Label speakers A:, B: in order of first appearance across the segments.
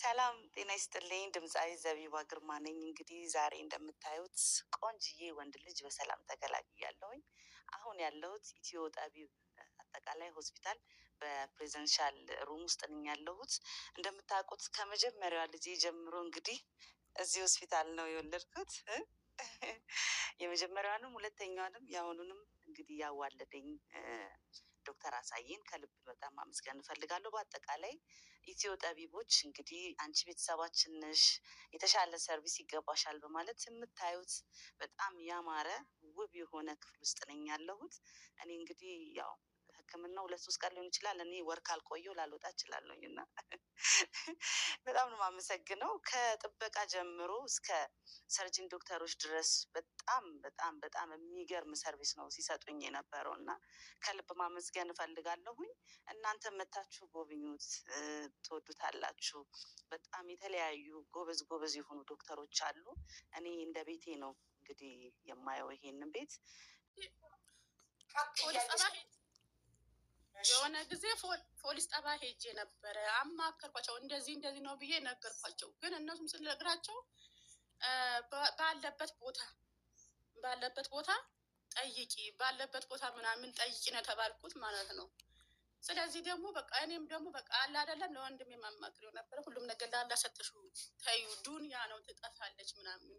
A: ሰላም ጤና ይስጥልኝ። ድምፃዊ ዘቢባ ግርማ ነኝ። እንግዲህ ዛሬ እንደምታዩት ቆንጅዬ ወንድ ልጅ በሰላም ተገላግያለሁኝ። አሁን ያለሁት ኢትዮ ጠቢብ አጠቃላይ ሆስፒታል በፕሬዘንሻል ሩም ውስጥ ነኝ ያለሁት። እንደምታውቁት ከመጀመሪያዋ ልጅ ጀምሮ እንግዲህ እዚህ ሆስፒታል ነው የወለድኩት። የመጀመሪያዋንም ሁለተኛዋንም የአሁኑንም እንግዲህ ያዋለደኝ ዶክተር አሳየን ከልብ በጣም አመስገን እንፈልጋለሁ። በአጠቃላይ ኢትዮ ጠቢቦች እንግዲህ አንቺ ቤተሰባችን ነሽ፣ የተሻለ ሰርቪስ ይገባሻል በማለት የምታዩት በጣም ያማረ ውብ የሆነ ክፍል ውስጥ ነኝ ያለሁት እኔ እንግዲህ ያው ህክምና ሁለት ሶስት ቀን ሊሆን ይችላል። እኔ ወር አልቆየው ላልወጣ እችላለሁኝ እና በጣም ነው የማመሰግነው። ከጥበቃ ጀምሮ እስከ ሰርጅን ዶክተሮች ድረስ በጣም በጣም በጣም የሚገርም ሰርቪስ ነው ሲሰጡኝ የነበረው እና ከልብ ማመስገን እፈልጋለሁኝ። እናንተ መታችሁ ጎብኙት፣ ትወዱታላችሁ። በጣም የተለያዩ ጎበዝ ጎበዝ የሆኑ ዶክተሮች አሉ። እኔ እንደ ቤቴ ነው እንግዲህ የማየው ይሄንን ቤት
B: የሆነ ጊዜ ፖሊስ ጠባ ሄጄ ነበረ። አማከርኳቸው እንደዚህ እንደዚህ ነው ብዬ ነገርኳቸው። ግን እነሱም ስነግራቸው ባለበት ቦታ ባለበት ቦታ ጠይቂ ባለበት ቦታ ምናምን ጠይቂ ነው የተባልኩት ማለት ነው። ስለዚህ ደግሞ በቃ እኔም ደግሞ በቃ አለ አይደለም ለወንድም የማማክሬው ነበረ። ሁሉም ነገር ላላ ሰተሹ ተዩ ዱንያ ነው ትጠፋለች ምናምን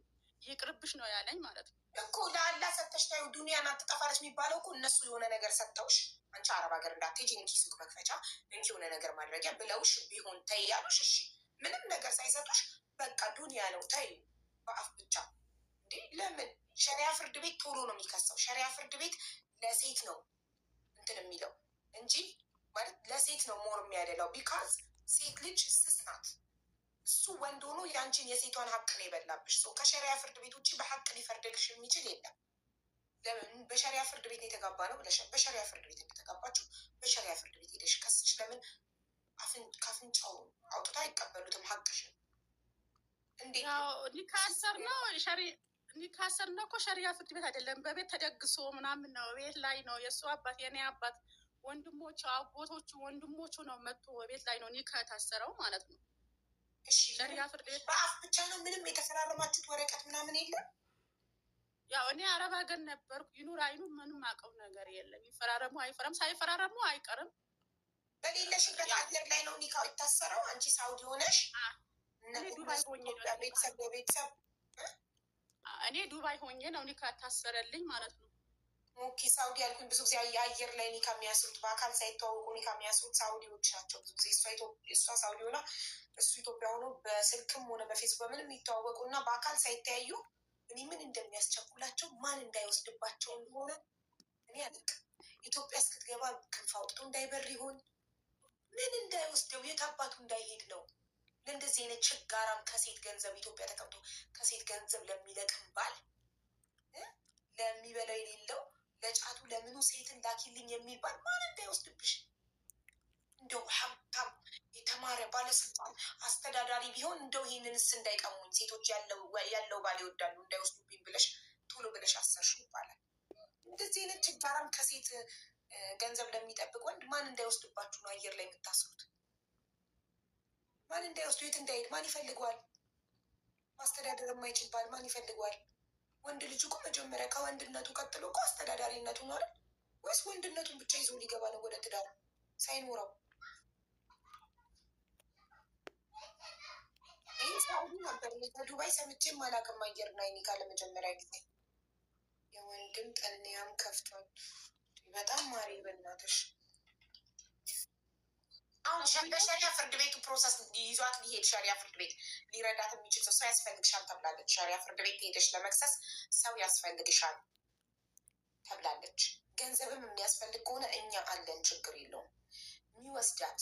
B: ይቅርብሽ ነው ያለኝ ማለት
A: ነው እኮ ለአላህ ሰተሽ ታዩ ና አትጠፋለች የሚባለው እኮ እነሱ የሆነ ነገር ሰጥተውሽ አንቺ አረብ ሀገር እንዳትሄጂ እንኪ ሱቅ መክፈቻ እንኪ የሆነ ነገር ማድረጊያ ብለውሽ ቢሆን ተይ ያሉሽ እሺ ምንም ነገር ሳይሰጡሽ በቃ ዱኒያ ነው ተይ በአፍ ብቻ እንዴ ለምን ሸሪያ ፍርድ ቤት ቶሎ ነው የሚከሰው ሸሪያ ፍርድ ቤት ለሴት ነው እንትን የሚለው እንጂ ማለት ለሴት ነው ሞር የሚያደለው ቢካዝ ሴት ልጅ ስስ ናት እሱ ወንድ ሆኖ የአንቺን የሴቷን ሀቅ ነው የበላብሽ። ሰው ከሸሪያ ፍርድ ቤት ውጭ በሀቅ ሊፈርድልሽ የሚችል የለም። ለምን በሸሪያ ፍርድ ቤት የተጋባ ነው ብለሽ በሸሪያ ፍርድ ቤት እንደተጋባችሁ በሸሪያ ፍርድ ቤት ሄደሽ ከስሽ ለምን ከአፍንጫው አውጥታ አይቀበሉትም ሀቅሽን?
B: እንዴት ነው ሊካሰር ነው እኮ ሸሪያ ፍርድ ቤት አይደለም። በቤት ተደግሶ ምናምን ነው። ቤት ላይ ነው የእሱ አባት የኔ አባት ወንድሞቹ፣ አጎቶቹ፣ ወንድሞቹ ነው መጥቶ ቤት ላይ ነው ኒካ ታሰረው ማለት ነው።
A: በአፍ ብቻ ነው ምንም የተፈራረማችሁት ወረቀት ምናምን የለም?
B: ያው እኔ አረብ ሀገር ነበርኩ። ይኑር አይኑ ምንም አውቀው ነገር የለም። ይፈራረሙ አይፈረም ሳይፈራረሙ አይቀርም።
A: በሌለሽበት ላይ ነው ኒካው የታሰረው። አንቺ ሳውዲ ሆነሽ ቤተሰብ
B: እኔ ዱባይ ሆኜ ነው ኒካ ታሰረልኝ ማለት ነው።
A: ሙኪ ሳውዲ ያልኩኝ ብዙ ጊዜ አየር ላይ ኒካ የሚያስሩት በአካል ሳይተዋወቁ ኒካ የሚያስሩት ሳውዲዎች ናቸው። ብዙ ጊዜ እሷ ሳውዲ ሆና እሱ ኢትዮጵያ ሆኖ በስልክም ሆነ በፌስቡክ በምንም የሚተዋወቁ እና በአካል ሳይተያዩ እኔ ምን እንደሚያስቸኩላቸው ማን እንዳይወስድባቸው እንደሆነ እኔ አለቅ ኢትዮጵያ እስክትገባ ክንፍ አውጥቶ እንዳይበር ይሆን ምን እንዳይወስደው የት አባቱ እንዳይሄድ ነው። ለእንደዚህ አይነት ችጋራም ከሴት ገንዘብ ኢትዮጵያ ተቀምጦ ከሴት ገንዘብ ለሚለቅም ባል ለሚበላው የሌለው ለጫቱ ለምኑ ሴትን ላኪልኝ የሚባል ማን እንዳይወስድብሽ። እንደው ሀብታም የተማረ ባለስልጣን አስተዳዳሪ ቢሆን እንደው ይህንንስ እንዳይቀሙኝ ሴቶች ያለው ባል ይወዳሉ እንዳይወስዱብኝ ብለሽ ቶሎ ብለሽ አሰርሹ ይባላል። እንደዚህ አይነት ችጋራም ከሴት ገንዘብ ለሚጠብቅ ወንድ ማን እንዳይወስድባችሁ ነው አየር ላይ የምታስሩት? ማን እንዳይወስዱ የት እንዳይሄድ ማን ይፈልገዋል? ማስተዳደር የማይችል ባል ማን ይፈልገዋል? ወንድ ልጅ እኮ መጀመሪያ ከወንድነቱ ቀጥሎ እኮ አስተዳዳሪነቱ ነው አይደል? ወይስ ወንድነቱን ብቻ ይዞ ሊገባ ነው ወደ ትዳሩ ሳይኖረው? ይህ ሳውዲ ነበር ከዱባይ ሰምቼም አላውቅም። አየር ና ጋ ለመጀመሪያ ጊዜ የወንድም ጠንያም ከፍቷል። በጣም ማሪ በናትሽ አሁን በሸሪያ ፍርድ ቤቱ ፕሮሰስ ይዟት ሊሄድ ሸሪያ ፍርድ ቤት ሊረዳት የሚችል ሰው ሰው ያስፈልግሻል ተብላለች። ሸሪያ ፍርድ ቤት ሄደች ለመክሰስ ሰው ያስፈልግሻል ተብላለች። ገንዘብም የሚያስፈልግ ከሆነ እኛ አለን፣ ችግር የለውም። የሚወስዳት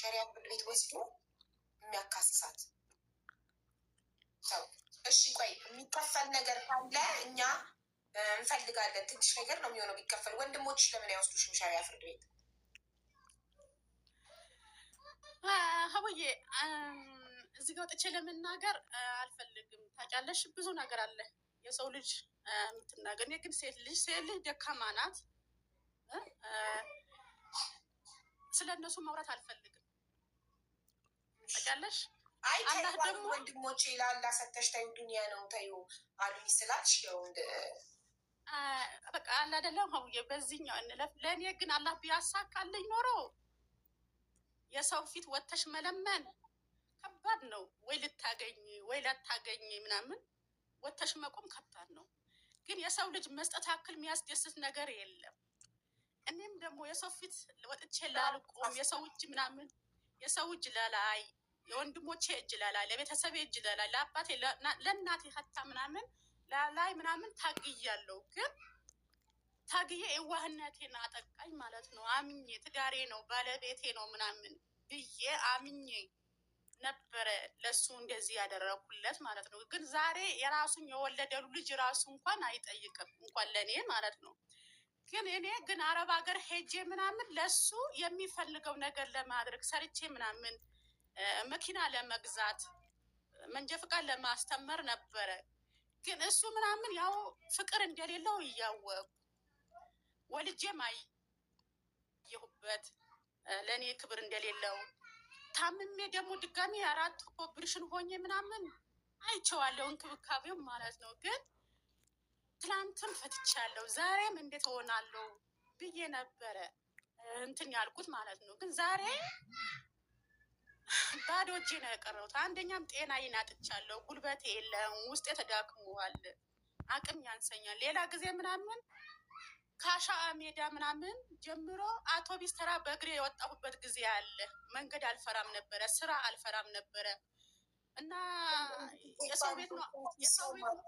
A: ሸሪያ ፍርድ ቤት ወስዶ የሚያካስሳት ሰው። እሺ ቆይ የሚከፈል ነገር ካለ እኛ እንፈልጋለን። ትንሽ ነገር ነው የሚሆነው ቢከፈል። ወንድሞች ለምን አይወስዱሽም ሸሪያ ፍርድ ቤት?
B: ሀቡዬ እዚህ ጋር ወጥቼ ለመናገር አልፈልግም። ታውቂያለሽ ብዙ ነገር አለ የሰው ልጅ የምትናገር እኔ ግን ሴት ልጅ ሴት ልጅ ደካማ ናት። ስለ እነሱ ማውራት አልፈልግም። ታውቂያለሽ
A: አላህ ወንድሞች ላላ ሰተሽ ታዩ ዱኒያ ነው ታዩ አሉ ይስላልሽ ያው
B: በቃ አለ አይደለም ሀቡዬ፣ በዚህኛው እንለፍ። ለእኔ ግን አላህ ቢያሳካልኝ ኖረው የሰው ፊት ወተሽ መለመን ከባድ ነው። ወይ ልታገኝ ወይ ላታገኝ ምናምን ወተሽ መቆም ከባድ ነው። ግን የሰው ልጅ መስጠት አክል የሚያስደስት ነገር የለም። እኔም ደግሞ የሰው ፊት ወጥቼ ላልቆም የሰው እጅ ምናምን የሰው እጅ ላላይ የወንድሞቼ እጅ ላላይ ለቤተሰቤ እጅ ላላይ ለአባቴ ለእናቴ ሀታ ምናምን ላላይ ምናምን ታግያለሁ። ግን ታግዬ የዋህነቴን አጠቃኝ ማለት ነው። አምኜ ትዳሬ ነው ባለቤቴ ነው ምናምን ብዬ አምኜ ነበረ ለሱ እንደዚህ ያደረኩለት ማለት ነው። ግን ዛሬ የራሱን የወለደሉ ልጅ ራሱ እንኳን አይጠይቅም እንኳን ለእኔ ማለት ነው። ግን እኔ ግን አረብ ሀገር ሄጄ ምናምን ለሱ የሚፈልገው ነገር ለማድረግ ሰርቼ ምናምን መኪና ለመግዛት መንጃ ፈቃድ ለማስተመር ነበረ። ግን እሱ ምናምን ያው ፍቅር እንደሌለው እያወቁ ወልጄም አየሁበት ለእኔ ክብር እንደሌለው ታምሜ ደግሞ ድጋሚ አራት ኦፕሬሽን ሆኜ ምናምን አይቼዋለሁ፣ እንክብካቤው ማለት ነው። ግን ትላንትም ፈትቻለሁ፣ ዛሬም እንዴት ሆናለሁ ብዬ ነበረ እንትን ያልኩት ማለት ነው። ግን ዛሬ ባዶ እጄ ነው የቀረሁት። አንደኛም ጤና ይናጥቻለሁ፣ ጉልበት የለም፣ ውስጤ ተዳክመዋል አቅም ያንሰኛል። ሌላ ጊዜ ምናምን ከአሻአ ሜዳ ምናምን ጀምሮ አውቶቢስ ተራ በእግሬ የወጣሁበት ጊዜ አለ። መንገድ አልፈራም ነበረ፣ ስራ አልፈራም ነበረ እና የሰው ቤት ነው
A: የሰው ቤት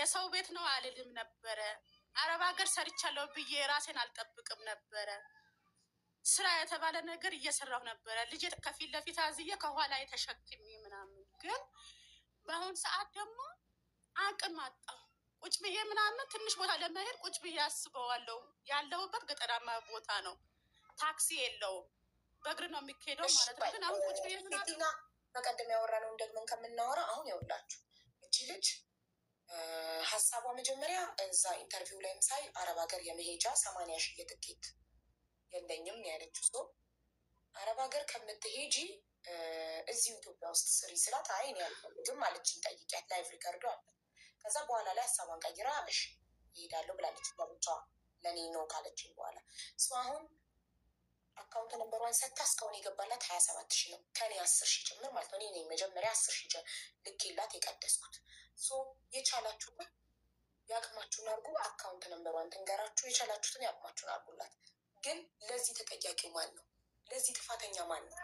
B: የሰው ቤት ነው አልልም ነበረ። አረብ ሀገር ሰርቻለሁ ብዬ ራሴን አልጠብቅም ነበረ። ስራ የተባለ ነገር እየሰራሁ ነበረ። ልጅ ከፊት ለፊት አዝዬ ከኋላ የተሸክሚ ምናምን ግን በአሁኑ ሰዓት ደግሞ አቅም አጣሁ። ቁጭ ብዬ ምናምን ትንሽ ቦታ ለመሄድ ቁጭ ብዬ አስበዋለሁ። ያለሁበት ገጠራማ ቦታ ነው፣ ታክሲ የለውም፣ በእግር ነው የሚካሄደው ማለት ነው። ግን አሁን ቁጭ ብዬ ምናምን
A: በቀደም ያወራነውን ደግመን ከምናወራ አሁን ያውላችሁ እቺ ልጅ ሀሳቧ መጀመሪያ እዛ ኢንተርቪው ላይም ሳይ አረብ ሀገር የመሄጃ ሰማንያ ሺህ የትኬት የለኝም ያለችው ሰው አረብ ሀገር ከምትሄጂ እዚሁ ኢትዮጵያ ውስጥ ስሪ ስላት አይ እኔ አልፈልግም አለችኝ። ጠይቂያት ላይቭ ሪከርዶ አለ ከዛ በኋላ ላይ ሀሳቧን ቀይራ እሺ ይሄዳለሁ ብላለች። ለብቻ ለእኔ ነው ካለች በኋላ ስ አሁን አካውንት ነበሯን ሰታ እስካሁን የገባላት ሀያ ሰባት ሺ ነው ከኔ አስር ሺ ጭምር ማለት ነው። እኔ መጀመሪያ አስር ሺ ልኬላት የቀደስኩት። ሶ የቻላችሁን የአቅማችሁን አድርጉ። አካውንት ነበሯን ትንገራችሁ። የቻላችሁትን የአቅማችሁን አድርጉላት። ግን ለዚህ ተጠያቂ ማን ነው? ለዚህ ጥፋተኛ ማን ነው?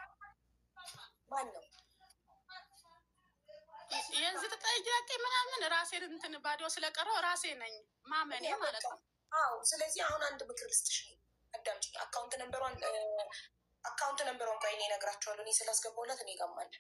A: ማን ነው?
B: ይህን ስትጠይቂ ምናምን ራሴን እንትን ባዲዮ ስለቀረው ራሴ ነኝ ማመኔ ማለት ነው።
A: አዎ። ስለዚህ አሁን አንድ ምክር ልስጥሽ፣ አዳምጪኝ። አካውንት ነበሯን አካውንት ነምበሯን እኔ እነግራቸዋለሁ። እኔ ስላስገባሁላት እኔ ጋማለ